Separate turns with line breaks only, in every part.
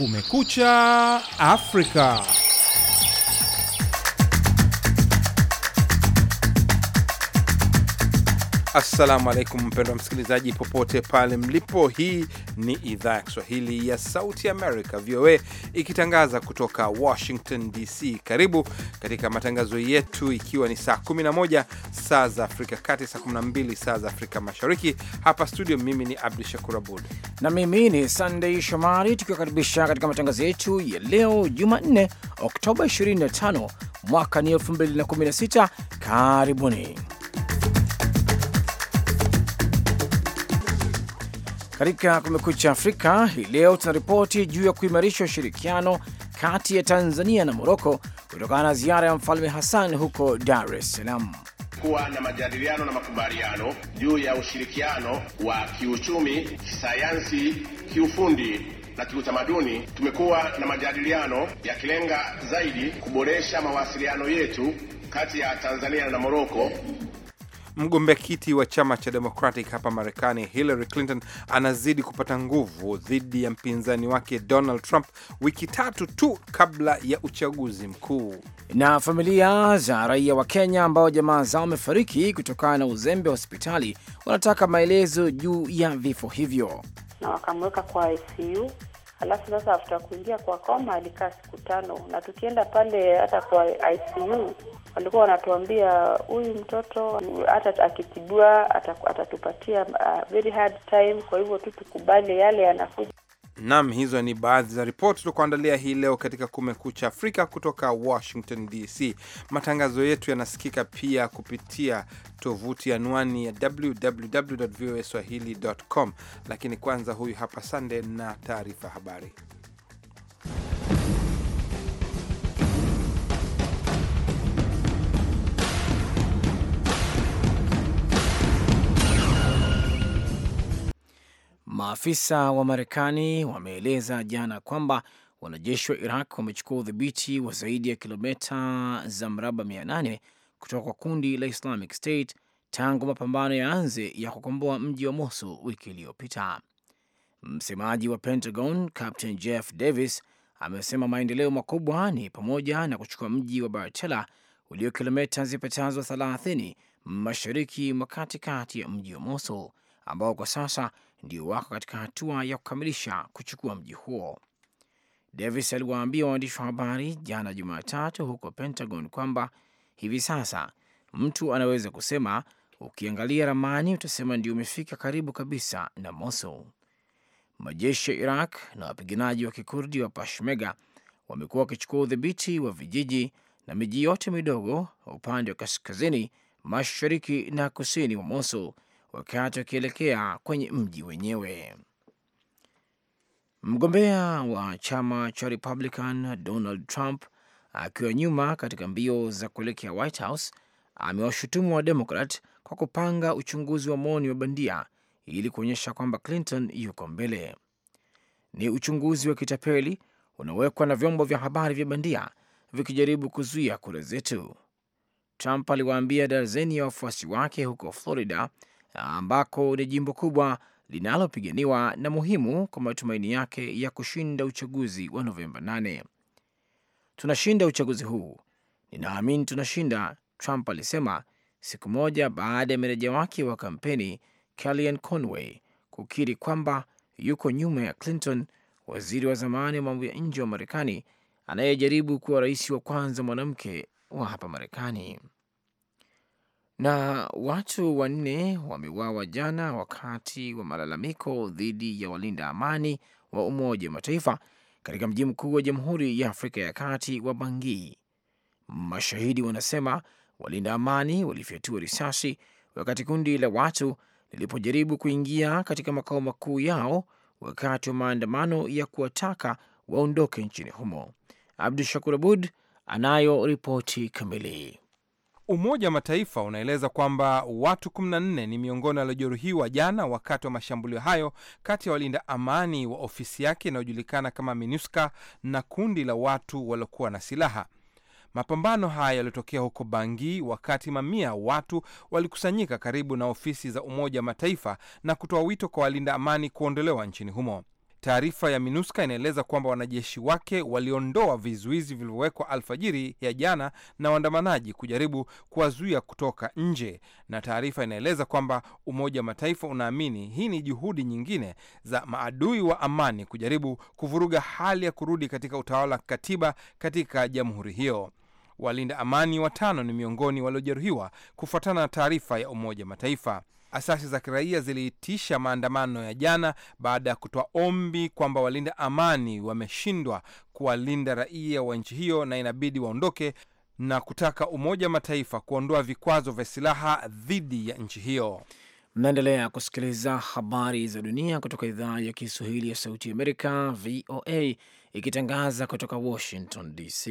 Kumekucha Afrika. Assalamu alaikum mpendwa msikilizaji, popote pale mlipo. Hii ni idhaa ya Kiswahili ya Sauti America, VOA, ikitangaza kutoka Washington DC. Karibu katika matangazo yetu, ikiwa ni saa 11 saa za Afrika Kati, saa 12 saa za Afrika Mashariki. Hapa studio, mimi ni Abdu Shakur Abud
na mimi ni Sandei Shomari, tukiwakaribisha katika matangazo yetu ya leo Jumanne, Oktoba 25 mwaka ni 2016. Karibuni. Katika Kumekucha Afrika hii leo tunaripoti juu ya kuimarisha ushirikiano kati ya Tanzania na Moroko kutokana na ziara ya Mfalme Hassan huko Dar es Salaam
kuwa na majadiliano na makubaliano juu ya ushirikiano wa kiuchumi, kisayansi, kiufundi na kiutamaduni. Tumekuwa na majadiliano yakilenga zaidi kuboresha mawasiliano yetu kati ya Tanzania na Moroko
Mgombea kiti wa chama cha Democratic hapa Marekani, Hillary Clinton anazidi kupata nguvu dhidi ya mpinzani wake Donald Trump, wiki tatu tu kabla ya uchaguzi mkuu. Na familia za raia wa Kenya ambao jamaa
zao wamefariki kutokana na uzembe wa hospitali wanataka maelezo juu ya vifo hivyo,
na wakamweka kwa ICU. Alafu sasa afta kuingia kwa koma alikaa siku tano, na tukienda pale hata kwa ICU walikuwa wanatuambia huyu mtoto hata akitibiwa atatupatia uh, very hard time, kwa hivyo tu tukubali yale yanakuja.
Naam, hizo ni baadhi za ripoti tukuandalia hii leo katika Kumekucha Afrika kutoka Washington DC. Matangazo yetu yanasikika pia kupitia tovuti anwani ya www voa swahili.com, lakini kwanza, huyu hapa Sande na taarifa habari.
Maafisa wa Marekani wameeleza jana kwamba wanajeshi wa Iraq wamechukua udhibiti wa zaidi ya kilomita za mraba 800 kutoka kwa kundi la Islamic State tangu mapambano yaanze ya kukomboa mji wa Mosul wiki iliyopita. Msemaji wa Pentagon Captain Jeff Davis amesema maendeleo makubwa ni pamoja na kuchukua mji wa bartela ulio kilomita zipatazo 30 mashariki mwa katikati ya mji wa Mosul ambao kwa sasa ndio wako katika hatua ya kukamilisha kuchukua mji huo. Davis aliwaambia waandishi wa habari jana Jumatatu huko Pentagon kwamba hivi sasa mtu anaweza kusema, ukiangalia ramani utasema ndio umefika karibu kabisa na Mosul. Majeshi ya Iraq na wapiganaji wa kikurdi wa Peshmerga wamekuwa wakichukua udhibiti wa vijiji na miji yote midogo upande wa kaskazini, mashariki na kusini wa Mosul wakati wakielekea kwenye mji wenyewe. Mgombea wa chama cha Republican Donald Trump akiwa nyuma katika mbio za kuelekea White House amewashutumu wa Demokrat kwa kupanga uchunguzi wa maoni wa bandia ili kuonyesha kwamba Clinton yuko mbele. Ni uchunguzi wa kitapeli unaowekwa na vyombo vya habari vya bandia vikijaribu kuzuia kura zetu, Trump aliwaambia darzeni ya wafuasi wake huko Florida ambako ni jimbo kubwa linalopiganiwa na muhimu kwa matumaini yake ya kushinda uchaguzi wa Novemba 8. Tunashinda uchaguzi huu, ninaamini tunashinda, Trump alisema siku moja baada ya meneja wake wa kampeni Kellyanne Conway kukiri kwamba yuko nyuma ya Clinton, waziri wa zamani wa mambo ya nje wa Marekani anayejaribu kuwa rais wa kwanza mwanamke wa hapa Marekani. Na watu wanne wameuawa jana wakati wa malalamiko dhidi ya walinda amani wa Umoja wa Mataifa katika mji mkuu wa Jamhuri ya Afrika ya Kati wa Bangui. Mashahidi wanasema walinda amani walifyatua risasi wakati kundi la watu lilipojaribu kuingia katika makao makuu yao wakati wa maandamano ya kuwataka waondoke nchini humo.
Abdu Shakur Abud anayo ripoti kamili. Umoja wa Mataifa unaeleza kwamba watu 14 ni miongoni waliojeruhiwa jana wakati wa mashambulio hayo kati ya walinda amani wa ofisi yake inayojulikana kama MINUSCA na kundi la watu waliokuwa na silaha. Mapambano haya yalitokea huko Bangi wakati mamia watu walikusanyika karibu na ofisi za Umoja wa Mataifa na kutoa wito kwa walinda amani kuondolewa nchini humo. Taarifa ya MINUSKA inaeleza kwamba wanajeshi wake waliondoa vizuizi vilivyowekwa alfajiri ya jana na waandamanaji kujaribu kuwazuia kutoka nje, na taarifa inaeleza kwamba Umoja wa Mataifa unaamini hii ni juhudi nyingine za maadui wa amani kujaribu kuvuruga hali ya kurudi katika utawala wa katiba katika jamhuri hiyo. Walinda amani watano ni miongoni waliojeruhiwa kufuatana na taarifa ya Umoja wa Mataifa. Asasi za kiraia ziliitisha maandamano ya jana baada ya kutoa ombi kwamba walinda amani wameshindwa kuwalinda raia wa nchi hiyo na inabidi waondoke na kutaka Umoja wa Mataifa kuondoa vikwazo vya silaha dhidi ya nchi hiyo. Mnaendelea kusikiliza habari za dunia
kutoka idhaa ya Kiswahili ya Sauti ya Amerika, VOA, ikitangaza kutoka Washington DC.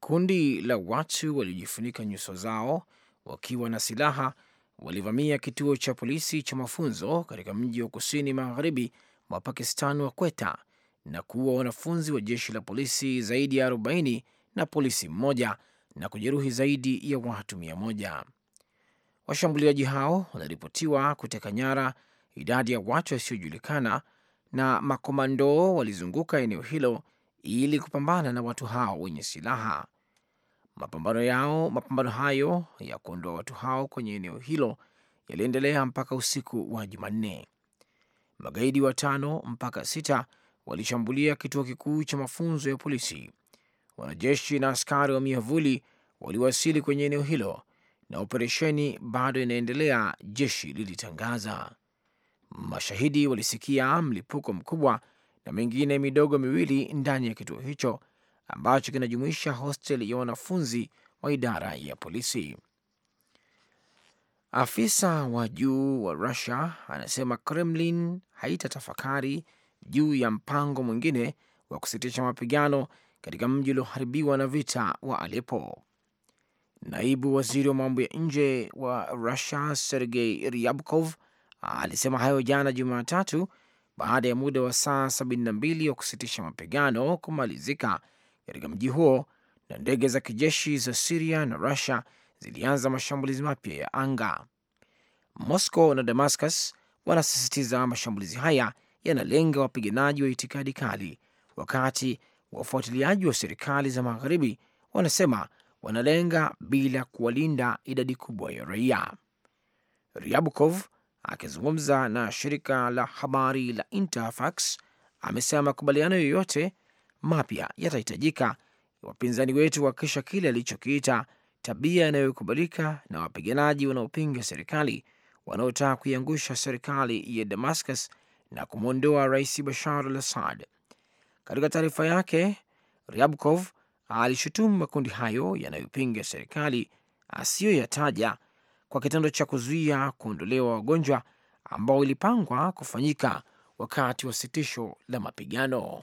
Kundi la watu waliojifunika nyuso zao wakiwa na silaha walivamia kituo cha polisi cha mafunzo katika mji wa kusini magharibi mwa Pakistan wa Kweta na kuua wanafunzi wa jeshi la polisi zaidi ya 40 na polisi mmoja na kujeruhi zaidi ya watu mia moja. Washambuliaji hao wanaripotiwa kuteka nyara idadi ya watu wasiojulikana, na makomandoo walizunguka eneo hilo ili kupambana na watu hao wenye silaha. Mapambano yao mapambano hayo ya kuondoa watu hao kwenye eneo hilo yaliendelea mpaka usiku wa Jumanne. Magaidi watano mpaka sita walishambulia kituo kikuu cha mafunzo ya polisi. Wanajeshi na askari wa miavuli waliwasili kwenye eneo hilo na operesheni bado inaendelea, jeshi lilitangaza. Mashahidi walisikia mlipuko mkubwa na mengine midogo miwili ndani ya kituo hicho ambacho kinajumuisha hostel ya wanafunzi wa idara ya polisi. Afisa wa juu wa Rusia anasema Kremlin haitatafakari juu ya mpango mwingine wa kusitisha mapigano katika mji ulioharibiwa na vita wa Aleppo. Naibu waziri wa mambo ya nje wa Rusia Sergei Ryabkov alisema hayo jana Jumatatu baada ya muda wa saa 72 wa kusitisha mapigano kumalizika katika mji huo, na ndege za kijeshi za Siria na Rusia zilianza mashambulizi mapya ya anga. Moscow na Damascus wanasisitiza mashambulizi haya yanalenga wapiganaji wa itikadi kali, wakati wafuatiliaji wa serikali za magharibi wanasema wanalenga bila kuwalinda idadi kubwa ya raia. Ryabukov akizungumza na shirika la habari la Interfax amesema makubaliano yoyote mapya yatahitajika wapinzani wetu wakisha kile alichokiita tabia inayokubalika na wapiganaji wanaopinga serikali wanaotaka kuiangusha serikali ya Damascus na kumwondoa rais Bashar al Assad. Katika taarifa yake, Ryabkov alishutumu makundi hayo yanayopinga serikali asiyoyataja kwa kitendo cha kuzuia kuondolewa wagonjwa ambao ilipangwa kufanyika wakati wa sitisho la mapigano.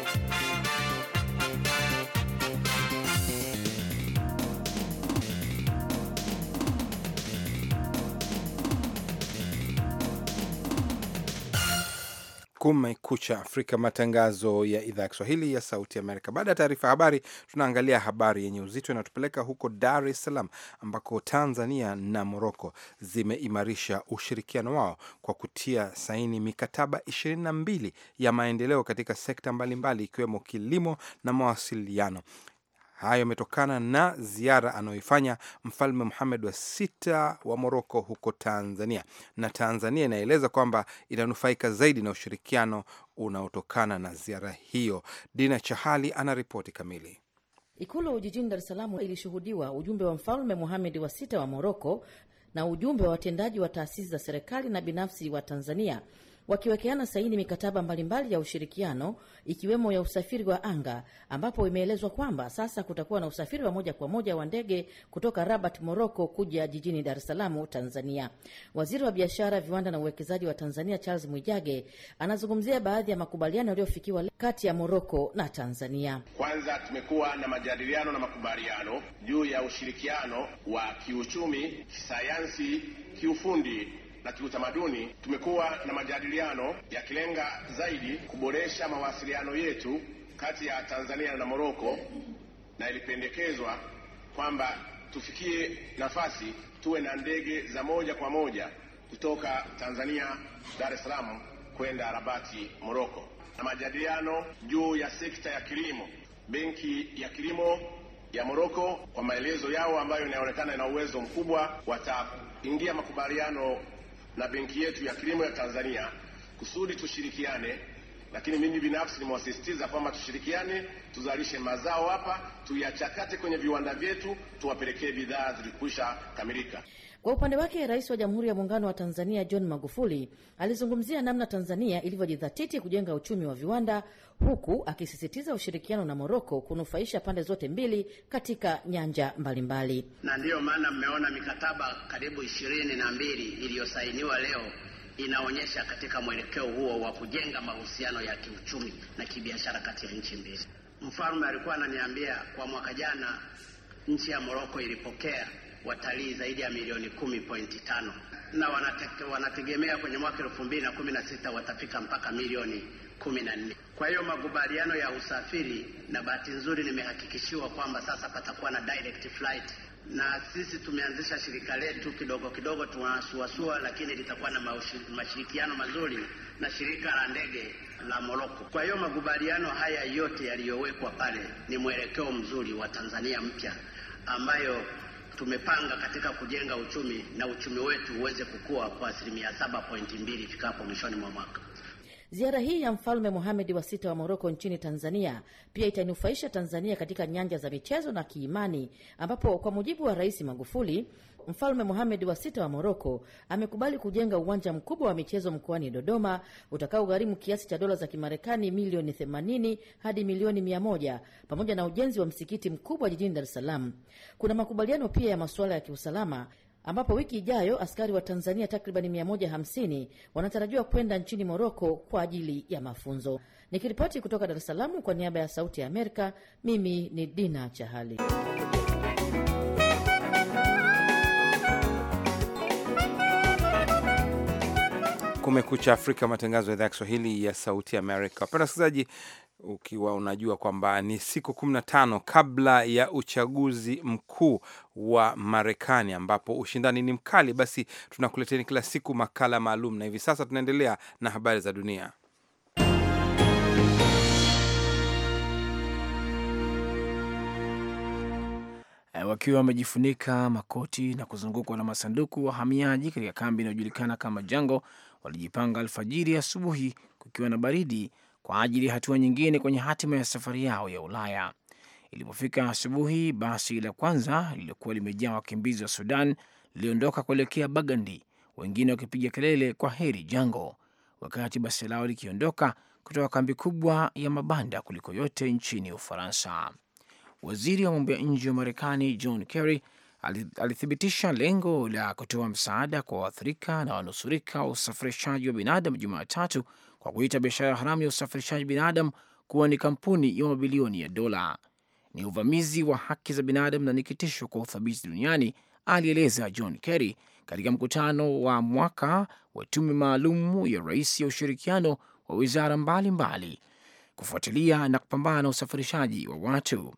Kumekucha Afrika, matangazo ya idhaa ya Kiswahili ya Sauti Amerika. Baada ya taarifa ya habari, tunaangalia habari yenye uzito inayotupeleka huko Dar es Salaam, ambako Tanzania na Moroko zimeimarisha ushirikiano wao kwa kutia saini mikataba ishirini na mbili ya maendeleo katika sekta mbalimbali, ikiwemo kilimo na mawasiliano. Hayo yametokana na ziara anayoifanya Mfalme Muhamed wa sita wa Moroko huko Tanzania, na Tanzania inaeleza kwamba inanufaika zaidi na ushirikiano unaotokana na ziara hiyo. Dina Chahali ana ripoti kamili.
Ikulu jijini Dar es Salaam ilishuhudiwa ujumbe wa Mfalme muhamedi wa sita wa Moroko na ujumbe wa watendaji wa taasisi za serikali na binafsi wa Tanzania wakiwekeana saini mikataba mbalimbali ya ushirikiano ikiwemo ya usafiri wa anga, ambapo imeelezwa kwamba sasa kutakuwa na usafiri wa moja kwa moja wa ndege kutoka Rabat, moroco kuja jijini Dar es salamu Tanzania. Waziri wa Biashara, Viwanda na Uwekezaji wa Tanzania Charles Mwijage anazungumzia baadhi ya makubaliano yaliyofikiwa kati ya moroco na Tanzania.
Kwanza tumekuwa na majadiliano na makubaliano juu ya ushirikiano wa kiuchumi, kisayansi, kiufundi na kiutamaduni, tumekuwa na majadiliano yakilenga zaidi kuboresha mawasiliano yetu kati ya Tanzania na Moroko, na ilipendekezwa kwamba tufikie nafasi tuwe na ndege za moja kwa moja kutoka Tanzania Dar es Salaam kwenda Rabati Moroko, na majadiliano juu ya sekta ya kilimo. Benki ya kilimo ya Moroko, kwa maelezo yao ambayo inaonekana ina uwezo mkubwa, wataingia makubaliano na benki yetu ya kilimo ya Tanzania kusudi tushirikiane, lakini mimi binafsi nimewasisitiza kwamba tushirikiane, tuzalishe mazao hapa, tuyachakate kwenye viwanda vyetu, tuwapelekee bidhaa zilikwisha kamilika.
Kwa upande wake, Rais wa Jamhuri ya Muungano wa Tanzania John Magufuli alizungumzia namna Tanzania ilivyojidhatiti kujenga uchumi wa viwanda, huku akisisitiza ushirikiano na Moroko kunufaisha pande zote mbili katika nyanja mbalimbali.
Na ndiyo maana mmeona mikataba karibu ishirini na mbili iliyosainiwa leo inaonyesha katika mwelekeo huo wa kujenga mahusiano ya kiuchumi na kibiashara kati ya nchi mbili. Mfalme alikuwa ananiambia kwa mwaka jana nchi ya Moroko ilipokea watalii zaidi ya milioni kumi pointi tano na wanateke, wanategemea kwenye mwaka elfu mbili na kumi na sita watafika mpaka milioni kumi na nne. Kwa hiyo makubaliano ya usafiri, na bahati nzuri nimehakikishiwa kwamba sasa patakuwa na direct flight, na sisi tumeanzisha shirika letu kidogo kidogo, tunasuasua, lakini litakuwa na mashirikiano mazuri na shirika la ndege la Morocco. Kwa hiyo makubaliano haya yote yaliyowekwa pale ni mwelekeo mzuri wa Tanzania mpya ambayo tumepanga katika kujenga uchumi na uchumi wetu uweze kukua kwa asilimia mbili ifikapo mwishoni mwa mwaka.
Ziara hii ya Mfalme Mohamed wa Sita wa Moroko nchini Tanzania pia itainufaisha Tanzania katika nyanja za michezo na kiimani, ambapo kwa mujibu wa Rais Magufuli, Mfalme Mohamed wa sita wa Moroko amekubali kujenga uwanja mkubwa wa michezo mkoani Dodoma utakaogharimu kiasi cha dola za Kimarekani milioni 80 hadi milioni 100 pamoja na ujenzi wa msikiti mkubwa jijini Dar es Salaam. Kuna makubaliano pia ya masuala ya kiusalama ambapo wiki ijayo askari wa Tanzania takribani 150 wanatarajiwa kwenda nchini Moroko kwa ajili ya mafunzo. Nikiripoti kutoka Dar es Salaam kwa niaba ya Sauti ya Amerika, mimi ni Dina Chahali.
Kumekucha Afrika, matangazo ya idhaa ya Kiswahili ya Sauti Amerika. Wapenda wasikilizaji, ukiwa unajua kwamba ni siku 15 kabla ya uchaguzi mkuu wa Marekani ambapo ushindani ni mkali, basi tunakuleteni kila siku makala maalum, na hivi sasa tunaendelea na habari za dunia.
Eh, wakiwa wamejifunika makoti na kuzungukwa na masanduku, wahamiaji katika kambi inayojulikana kama Jango walijipanga alfajiri asubuhi, kukiwa na baridi, kwa ajili ya hatua nyingine kwenye hatima ya safari yao ya Ulaya. Ilipofika asubuhi, basi la kwanza lililokuwa limejaa wakimbizi wa Sudan liliondoka kuelekea Bagandi, wengine wakipiga kelele kwa heri Jango, wakati basi lao likiondoka kutoka kambi kubwa ya mabanda kuliko yote nchini Ufaransa. Waziri wa mambo ya nje wa Marekani John Kerry alithibitisha lengo la kutoa msaada kwa waathirika na wanusurika wa usafirishaji wa binadamu Jumatatu kwa kuita biashara haramu ya usafirishaji binadamu kuwa ni kampuni ya mabilioni ya dola. Ni uvamizi wa haki za binadamu na ni kitisho kwa uthabiti duniani, alieleza John Kerry katika mkutano wa mwaka wa tume maalum ya rais ya ushirikiano wa wizara mbalimbali mbali kufuatilia na kupambana na usafirishaji wa watu.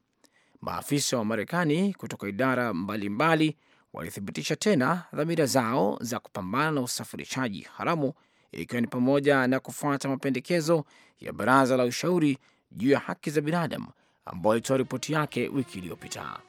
Maafisa wa Marekani kutoka idara mbalimbali walithibitisha tena dhamira zao za kupambana na usafirishaji haramu, ikiwa ni pamoja na kufuata mapendekezo ya baraza la ushauri juu ya haki za binadamu ambayo ilitoa ripoti yake wiki iliyopita.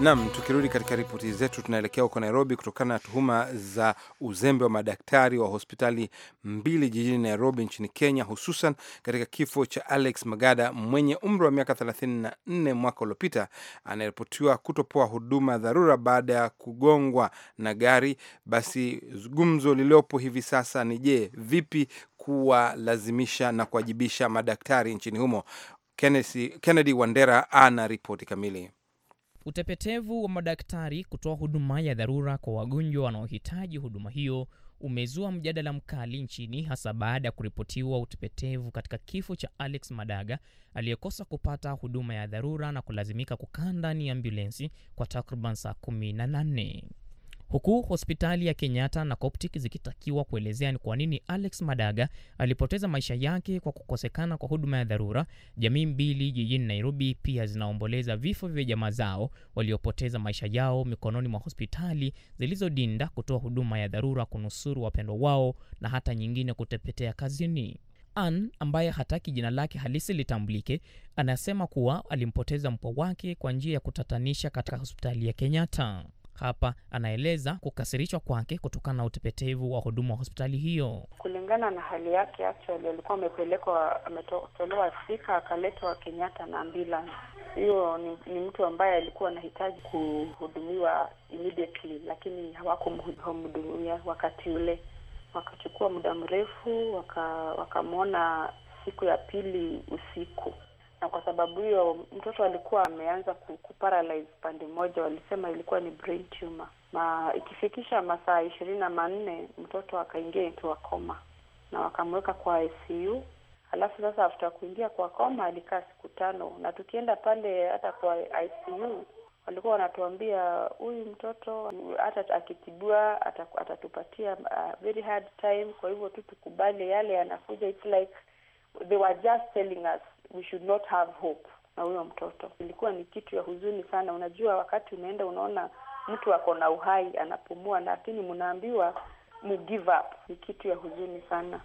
Nam, tukirudi katika ripoti zetu, tunaelekea huko Nairobi kutokana na tuhuma za uzembe wa madaktari wa hospitali mbili jijini Nairobi nchini Kenya, hususan katika kifo cha Alex Magada mwenye umri wa miaka 34 mwaka uliopita, Anaripotiwa kutopoa huduma dharura baada ya kugongwa na gari. Basi gumzo lililopo hivi sasa ni je, vipi kuwalazimisha na kuwajibisha madaktari nchini humo? Kennedy Wandera ana ripoti kamili.
Utepetevu wa madaktari kutoa huduma ya dharura kwa wagonjwa wanaohitaji huduma hiyo umezua mjadala mkali nchini hasa baada ya kuripotiwa utepetevu katika kifo cha Alex Madaga aliyekosa kupata huduma ya dharura na kulazimika kukaa ndani ya ambulensi kwa takriban saa kumi na nane huku hospitali ya Kenyatta na Coptic zikitakiwa kuelezea ni kwa nini Alex Madaga alipoteza maisha yake kwa kukosekana kwa huduma ya dharura. Jamii mbili jijini Nairobi pia zinaomboleza vifo vya jamaa zao waliopoteza maisha yao mikononi mwa hospitali zilizodinda kutoa huduma ya dharura kunusuru wapendwa wao na hata nyingine kutepetea kazini. Ann ambaye hataki jina lake halisi litambulike, anasema kuwa alimpoteza mpwa wake kwa njia ya kutatanisha katika hospitali ya Kenyatta. Hapa anaeleza kukasirishwa kwake kutokana na utepetevu wa huduma wa hospitali hiyo.
Kulingana na hali yake, actually alikuwa amepelekwa, ametolewa Afrika akaletwa Kenyatta na ambulance. Hiyo ni, ni mtu ambaye alikuwa anahitaji kuhudumiwa immediately, lakini hawakumhudumia wakati ule, wakachukua muda mrefu, wakamwona waka siku ya pili usiku na kwa sababu hiyo mtoto alikuwa ameanza kuparalyze pande moja, walisema ilikuwa ni brain tumor, na ikifikisha masaa ishirini na manne mtoto akaingia ikiwa koma na wakamweka kwa ICU. Alafu sasa after kuingia kwa koma alikaa siku tano, na tukienda pale hata kwa ICU walikuwa wanatuambia huyu mtoto hata akitibiwa atatupatia uh, very hard time. Kwa hivyo tu tukubali yale yanakuja, it's like they were just telling us we should not have hope na huyo mtoto. Ilikuwa ni kitu ya huzuni sana. Unajua, wakati unaenda unaona mtu ako na uhai anapumua, lakini mnaambiwa mu give up. Ni kitu ya huzuni sana.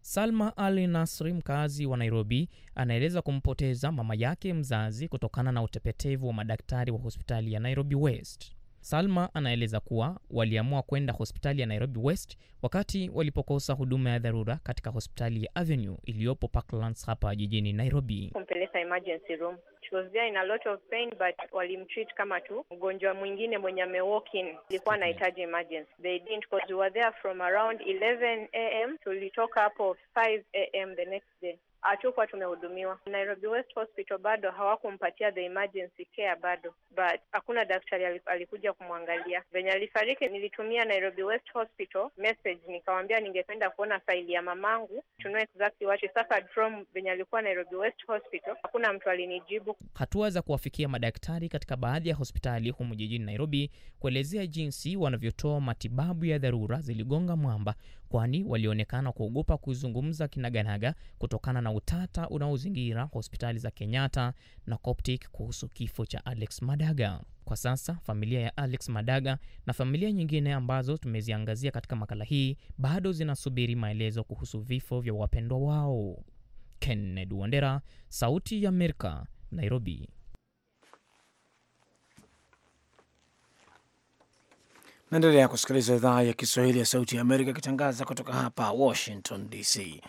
Salma Ali Nasri, mkazi wa Nairobi, anaeleza kumpoteza mama yake mzazi kutokana na utepetevu wa madaktari wa hospitali ya Nairobi West. Salma anaeleza kuwa waliamua kwenda hospitali ya Nairobi West wakati walipokosa huduma ya dharura katika hospitali ya Avenue iliyopo Parklands hapa jijini Nairobi.
Kumpeleka emergency room. She was there in a lot of pain but walimtreat kama tu mgonjwa mwingine mwenye ame walk in, ilikuwa anahitaji emergency. They didn't we were there from around 11 am, tulitoka hapo 5 am the next day hatukuwa tumehudumiwa. Nairobi West Hospital bado hawakumpatia the emergency care bado, but hakuna daktari alikuja kumwangalia venye alifariki. Nilitumia Nairobi West Hospital message nikawambia ningependa kuona faili ya mamangu to know exactly what suffered from venye alikuwa Nairobi West Hospital. Hakuna mtu alinijibu.
Hatua za kuwafikia madaktari katika baadhi ya hospitali humu jijini Nairobi kuelezea jinsi wanavyotoa matibabu ya dharura ziligonga mwamba kwani walionekana kuogopa kuzungumza kinaganaga kutokana na utata unaozingira hospitali za Kenyatta na Coptic kuhusu kifo cha Alex Madaga. Kwa sasa familia ya Alex Madaga na familia nyingine ambazo tumeziangazia katika makala hii bado zinasubiri maelezo kuhusu vifo vya wapendwa wao. Kennedy Wandera, Sauti ya Amerika, Nairobi.
Naendelea kusikiliza idhaa ya Kiswahili ya Sauti ya Amerika ikitangaza kutoka hapa Washington DC.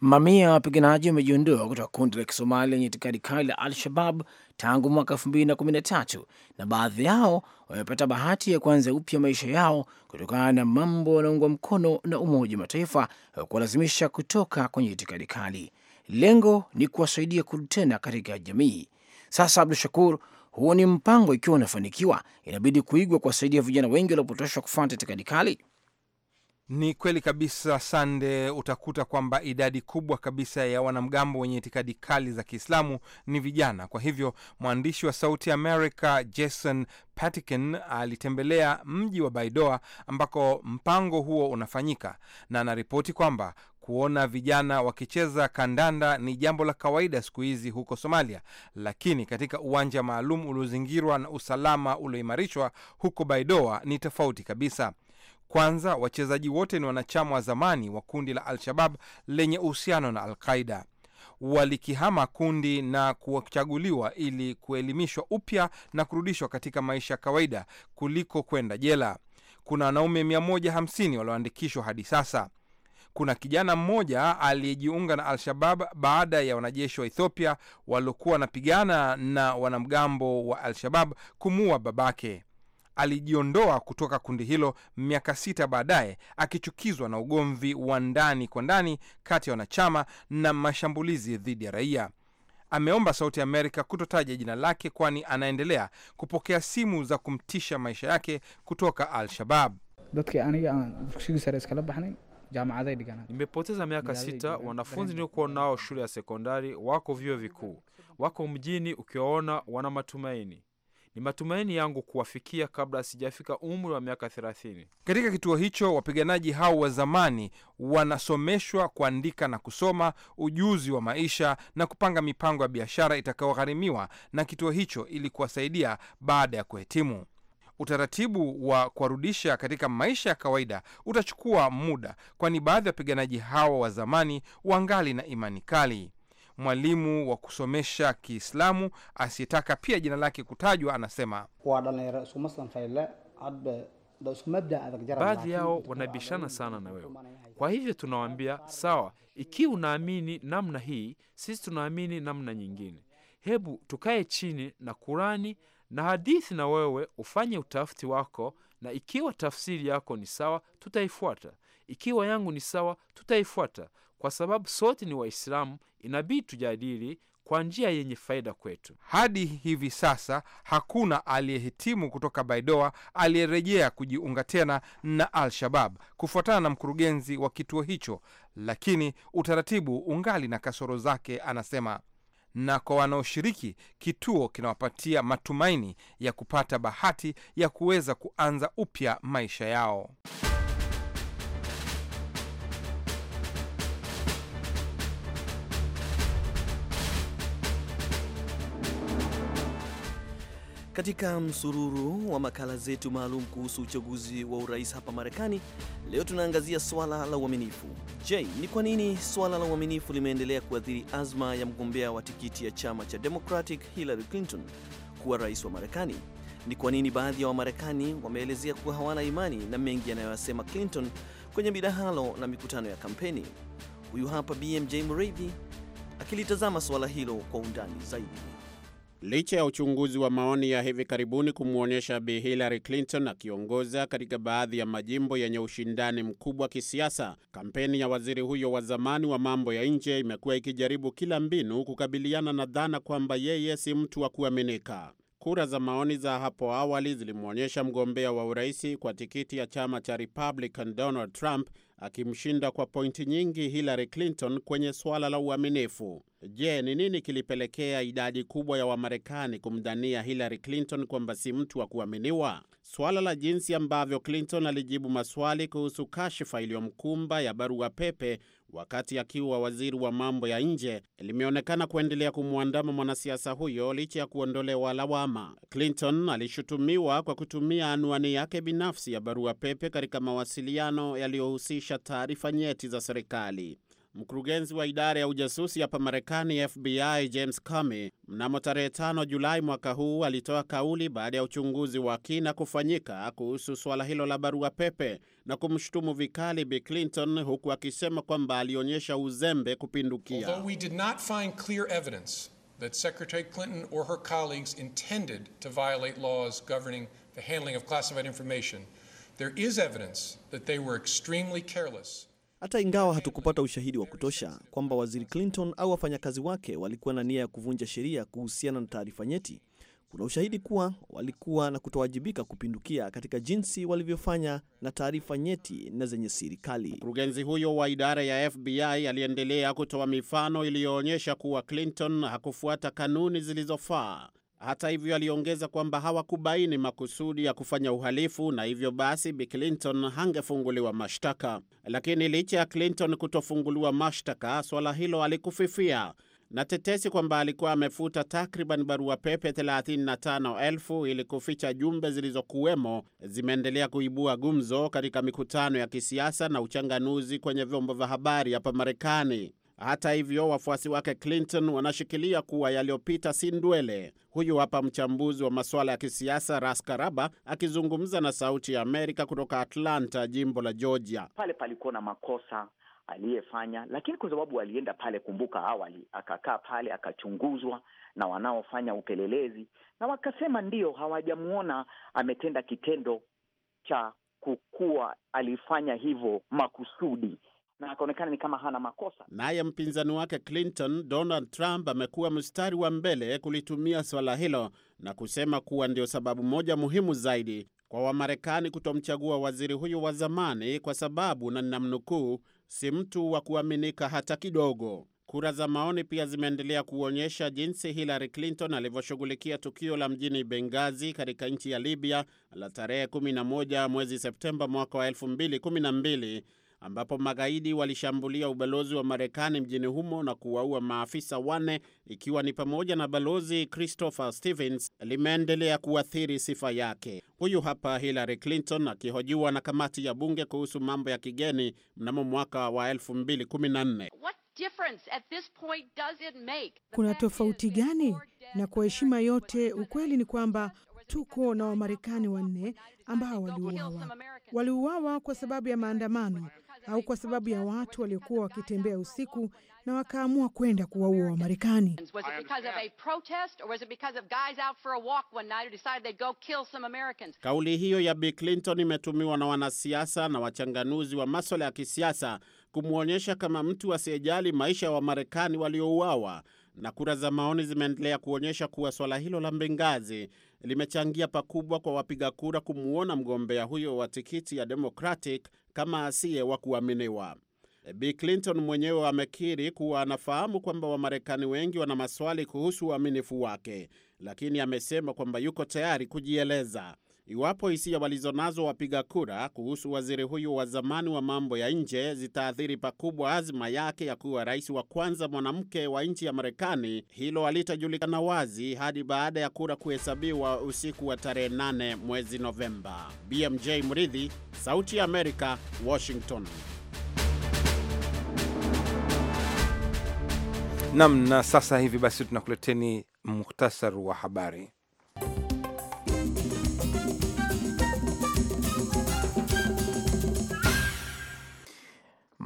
Mamia ya wapiganaji wamejiondoa kutoka kundi la Kisomali lenye itikadi kali la Al-Shabab tangu mwaka mbili na baadhi yao wamepata bahati ya kuanza upya maisha yao kutokana na mambo wanaungwa mkono na Umoja wa Mataifa wa kuwalazimisha kutoka kwenye itikadi kali. Lengo ni kuwasaidia kurudi tena katika jamii. Sasa Abdu Shakur huo ni mpango, ikiwa unafanikiwa, inabidi kuigwa, kuwasaidia vijana wengi waliopotoshwa kufuata itikadi kali
ni kweli kabisa Sande, utakuta kwamba idadi kubwa kabisa ya wanamgambo wenye itikadi kali za Kiislamu ni vijana. Kwa hivyo mwandishi wa Sauti America Jason Patikin alitembelea mji wa Baidoa ambako mpango huo unafanyika na anaripoti kwamba kuona vijana wakicheza kandanda ni jambo la kawaida siku hizi huko Somalia, lakini katika uwanja maalum uliozingirwa na usalama ulioimarishwa huko Baidoa ni tofauti kabisa. Kwanza, wachezaji wote ni wanachama wa zamani wa kundi la Al-Shabab lenye uhusiano na Al-Qaida. Walikihama kundi na kuchaguliwa ili kuelimishwa upya na kurudishwa katika maisha ya kawaida kuliko kwenda jela. Kuna wanaume 150 walioandikishwa hadi sasa. Kuna kijana mmoja aliyejiunga na Al-Shabab baada ya wanajeshi wa Ethiopia waliokuwa wanapigana na wanamgambo wa Al-Shabab kumuua babake alijiondoa kutoka kundi hilo miaka sita baadaye, akichukizwa na ugomvi wa ndani kwa ndani kati ya wanachama na mashambulizi dhidi ya raia. Ameomba Sauti Amerika kutotaja jina lake, kwani anaendelea kupokea simu za kumtisha maisha yake kutoka Al-Shabab. Nimepoteza miaka sita. Wanafunzi niliokuwa nao shule ya sekondari wako vyuo vikuu, wako mjini, ukiwaona wana matumaini. Ni matumaini yangu kuwafikia kabla sijafika umri wa miaka thelathini. Katika kituo hicho wapiganaji hao wa zamani wanasomeshwa kuandika na kusoma, ujuzi wa maisha na kupanga mipango ya biashara itakayogharimiwa na kituo hicho ili kuwasaidia baada ya kuhitimu. Utaratibu wa kuwarudisha katika maisha ya kawaida utachukua muda, kwani baadhi ya wapiganaji hawa wa zamani wangali na imani kali mwalimu wa kusomesha Kiislamu asiyetaka pia jina lake kutajwa, anasema
baadhi yao
wanabishana sana na wewe. Kwa hivyo tunawaambia sawa, ikiwa unaamini namna hii, sisi tunaamini namna nyingine. Hebu tukae chini na Kurani na hadithi, na wewe ufanye utafiti wako, na ikiwa tafsiri yako ni sawa, tutaifuata. Ikiwa yangu ni sawa, tutaifuata. Kwa sababu sote ni Waislamu, inabidi tujadili kwa njia yenye faida kwetu. Hadi hivi sasa hakuna aliyehitimu kutoka Baidoa aliyerejea kujiunga tena na Al-Shabab kufuatana na mkurugenzi wa kituo hicho, lakini utaratibu ungali na kasoro zake, anasema. Na kwa wanaoshiriki, kituo kinawapatia matumaini ya kupata bahati ya kuweza kuanza upya maisha yao.
Katika msururu wa makala zetu maalum kuhusu uchaguzi wa urais hapa Marekani, leo tunaangazia swala la uaminifu. Je, ni kwa nini swala la uaminifu limeendelea kuathiri azma ya mgombea wa tikiti ya chama cha Democratic Hillary Clinton kuwa rais wa Marekani? Ni kwa nini baadhi ya Wamarekani wameelezea kuwa hawana imani na mengi yanayoyasema Clinton kwenye midahalo na mikutano
ya kampeni? Huyu hapa BMJ mrevi akilitazama suala hilo kwa undani zaidi. Licha ya uchunguzi wa maoni ya hivi karibuni kumwonyesha Bi Hillary Clinton akiongoza katika baadhi ya majimbo yenye ushindani mkubwa kisiasa, kampeni ya waziri huyo wa zamani wa mambo ya nje imekuwa ikijaribu kila mbinu kukabiliana na dhana kwamba yeye si mtu wa kuaminika. Kura za maoni za hapo awali zilimwonyesha mgombea wa uraisi kwa tikiti ya chama cha Republican Donald Trump akimshinda kwa pointi nyingi Hillary Clinton kwenye suala la uaminifu. Je, ni nini kilipelekea idadi kubwa ya Wamarekani kumdania Hillary Clinton kwamba si mtu wa kuaminiwa? Swala la jinsi ambavyo Clinton alijibu maswali kuhusu kashifa iliyomkumba ya barua pepe wakati akiwa waziri wa mambo ya nje limeonekana kuendelea kumwandama mwanasiasa huyo licha ya kuondolewa lawama. Clinton alishutumiwa kwa kutumia anwani yake binafsi ya barua pepe katika mawasiliano yaliyohusisha taarifa nyeti za serikali. Mkurugenzi wa idara ya ujasusi hapa Marekani, FBI, James Comey, mnamo tarehe 5 Julai mwaka huu alitoa kauli baada ya uchunguzi wa kina kufanyika kuhusu suala hilo la barua pepe na kumshutumu vikali Bi Clinton, huku akisema kwamba alionyesha uzembe kupindukia. Although
we did not find clear evidence that Secretary Clinton or her colleagues intended to violate laws governing the handling of classified information, there is evidence that they were extremely careless
hata ingawa hatukupata ushahidi wa kutosha kwamba waziri Clinton au wafanyakazi wake walikuwa na nia ya kuvunja sheria kuhusiana na taarifa nyeti, kuna ushahidi kuwa walikuwa na kutowajibika kupindukia katika jinsi walivyofanya na taarifa nyeti na zenye sirikali
Mkurugenzi huyo wa idara ya FBI aliendelea kutoa mifano iliyoonyesha kuwa Clinton hakufuata kanuni zilizofaa hata hivyo, aliongeza kwamba hawakubaini makusudi ya kufanya uhalifu na hivyo basi Bi Clinton hangefunguliwa mashtaka. Lakini licha ya Clinton kutofunguliwa mashtaka, swala hilo alikufifia na tetesi kwamba alikuwa amefuta takriban barua pepe 35,000 ili kuficha jumbe zilizokuwemo zimeendelea kuibua gumzo katika mikutano ya kisiasa na uchanganuzi kwenye vyombo vya habari hapa Marekani. Hata hivyo, wafuasi wake Clinton wanashikilia kuwa yaliyopita si ndwele. Huyu hapa mchambuzi wa masuala ya kisiasa Ras Karaba akizungumza na Sauti ya Amerika kutoka Atlanta, jimbo la Georgia.
Pale palikuwa na makosa aliyefanya, lakini kwa sababu alienda pale, kumbuka awali, akakaa pale akachunguzwa na wanaofanya upelelezi, na wakasema ndio hawajamwona ametenda kitendo cha kukuwa alifanya hivyo makusudi
na akaonekana ni kama hana makosa. Naye mpinzani wake Clinton, Donald Trump amekuwa mstari wa mbele kulitumia swala hilo na kusema kuwa ndio sababu moja muhimu zaidi kwa Wamarekani kutomchagua waziri huyo wa zamani kwa sababu, na ninamnukuu, si mtu wa kuaminika hata kidogo. Kura za maoni pia zimeendelea kuonyesha jinsi Hillary Clinton alivyoshughulikia tukio la mjini Benghazi katika nchi ya Libya la tarehe 11 mwezi Septemba mwaka wa 2012 ambapo magaidi walishambulia ubalozi wa Marekani mjini humo na kuwaua maafisa wane ikiwa ni pamoja na balozi Christopher Stevens, limeendelea kuathiri sifa yake. Huyu hapa Hillary Clinton akihojiwa na kamati ya bunge kuhusu mambo ya kigeni mnamo mwaka wa 2014. Kuna tofauti
gani? Na kwa heshima yote, ukweli ni kwamba tuko na Wamarekani wanne ambao waliuawa. Waliuawa kwa sababu ya maandamano au kwa sababu ya watu waliokuwa wakitembea usiku na wakaamua kwenda kuwaua Wamarekani.
Kauli hiyo ya Bi Clinton imetumiwa na wanasiasa na wachanganuzi wa maswala ya kisiasa kumwonyesha kama mtu asiyejali maisha ya Wamarekani waliouawa na kura za maoni zimeendelea kuonyesha kuwa swala hilo la Benghazi limechangia pakubwa kwa wapiga kura kumwona mgombea huyo wa tikiti ya Democratic kama asiye wa kuaminiwa. Bi Clinton mwenyewe amekiri kuwa anafahamu kwamba Wamarekani wengi wana maswali kuhusu uaminifu wake, lakini amesema kwamba yuko tayari kujieleza iwapo hisia walizonazo wapiga kura kuhusu waziri huyu wa zamani wa mambo ya nje zitaathiri pakubwa azma yake ya kuwa rais wa kwanza mwanamke wa nchi ya Marekani, hilo halitajulikana wazi hadi baada ya kura kuhesabiwa usiku wa tarehe 8 mwezi Novemba. BMJ Mridhi, Sauti ya Amerika, Washington.
Nam, na sasa hivi basi tunakuleteni muhtasari wa habari.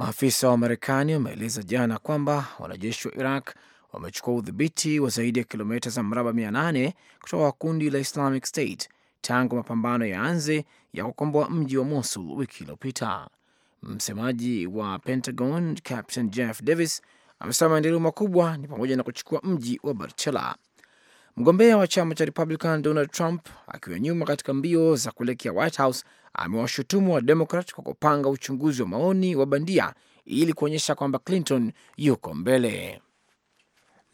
Maafisa wa Marekani wameeleza jana kwamba wanajeshi wa Iraq wamechukua udhibiti wa zaidi ya kilomita za mraba 800 kutoka kwa kundi la Islamic State tangu mapambano yaanze ya kukomboa mji wa Mosul wiki iliyopita. Msemaji wa Pentagon Captain Jeff Davis amesema maendeleo makubwa ni pamoja na kuchukua mji wa Barchela. Mgombea wa chama cha Republican Donald Trump akiwa nyuma katika mbio za kuelekea White House amewashutumu wa Demokrat kwa kupanga uchunguzi wa maoni wa bandia
ili kuonyesha kwamba Clinton yuko mbele.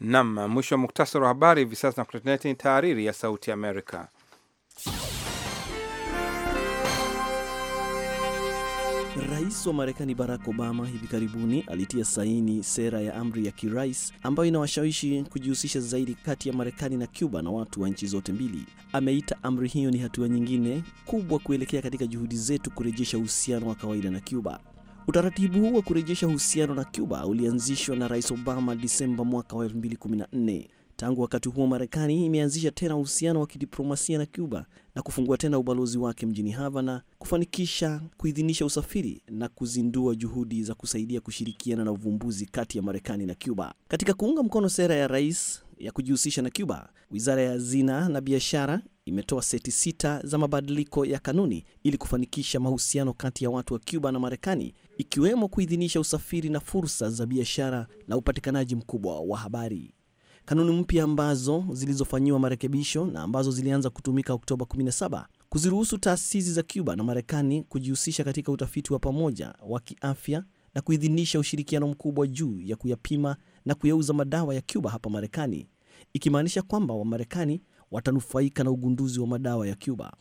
Nam mwisho wa muktasari wa habari. Hivi sasa na nakuletea tahariri ya Sauti Amerika.
Rais wa Marekani Barack Obama hivi karibuni alitia saini sera ya amri ya kirais ambayo inawashawishi kujihusisha zaidi kati ya Marekani na Cuba na watu wa nchi zote mbili. Ameita amri hiyo ni hatua nyingine kubwa kuelekea katika juhudi zetu kurejesha uhusiano wa kawaida na Cuba. Utaratibu huu wa kurejesha uhusiano na Cuba ulianzishwa na Rais Obama Disemba mwaka wa 2014. Tangu wakati huo, Marekani imeanzisha tena uhusiano wa kidiplomasia na Cuba na kufungua tena ubalozi wake mjini Havana, kufanikisha kuidhinisha usafiri na kuzindua juhudi za kusaidia kushirikiana na uvumbuzi kati ya Marekani na Cuba. Katika kuunga mkono sera ya rais ya kujihusisha na Cuba, wizara ya hazina na biashara imetoa seti sita za mabadiliko ya kanuni ili kufanikisha mahusiano kati ya watu wa Cuba na Marekani, ikiwemo kuidhinisha usafiri na fursa za biashara na upatikanaji mkubwa wa habari kanuni mpya ambazo zilizofanyiwa marekebisho na ambazo zilianza kutumika Oktoba 17 kuziruhusu taasisi za Cuba na Marekani kujihusisha katika utafiti wa pamoja wa kiafya na kuidhinisha ushirikiano mkubwa juu ya kuyapima na kuyauza madawa ya Cuba hapa Marekani, ikimaanisha kwamba Wamarekani watanufaika na ugunduzi wa madawa ya Cuba.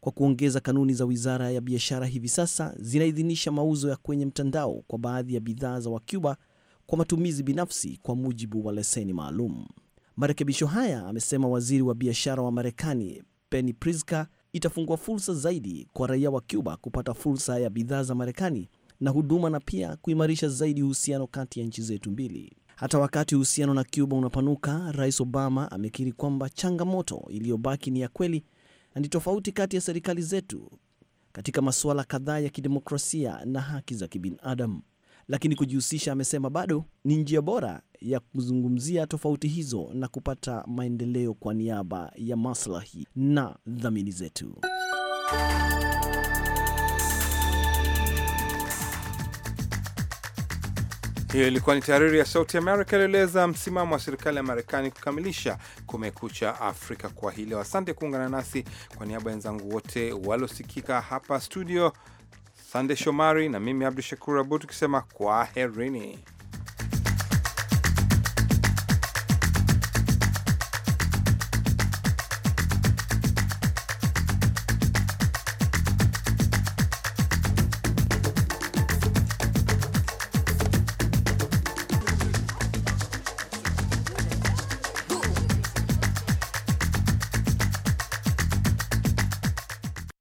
Kwa kuongeza, kanuni za Wizara ya Biashara hivi sasa zinaidhinisha mauzo ya kwenye mtandao kwa baadhi ya bidhaa za Wacuba kwa matumizi binafsi kwa mujibu wa leseni maalum. Marekebisho haya, amesema waziri wa biashara wa Marekani Penny Priska, itafungua fursa zaidi kwa raia wa Cuba kupata fursa ya bidhaa za Marekani na huduma na pia kuimarisha zaidi uhusiano kati ya nchi zetu mbili. Hata wakati uhusiano na Cuba unapanuka, Rais Obama amekiri kwamba changamoto iliyobaki ni ya kweli na ni tofauti kati ya serikali zetu katika masuala kadhaa ya kidemokrasia na haki za kibinadamu lakini kujihusisha, amesema bado ni njia bora ya kuzungumzia tofauti hizo na kupata maendeleo kwa niaba ya maslahi na dhamini zetu.
Hiyo ilikuwa ni tahariri ya Sauti Amerika ilieleza msimamo wa serikali ya Marekani. Kukamilisha Kumekucha Afrika kwa hii leo, asante kuungana nasi. Kwa niaba ya wenzangu wote waliosikika hapa studio Sande Shomari na mimi Abdu Shakur Abud tukisema kwaherini.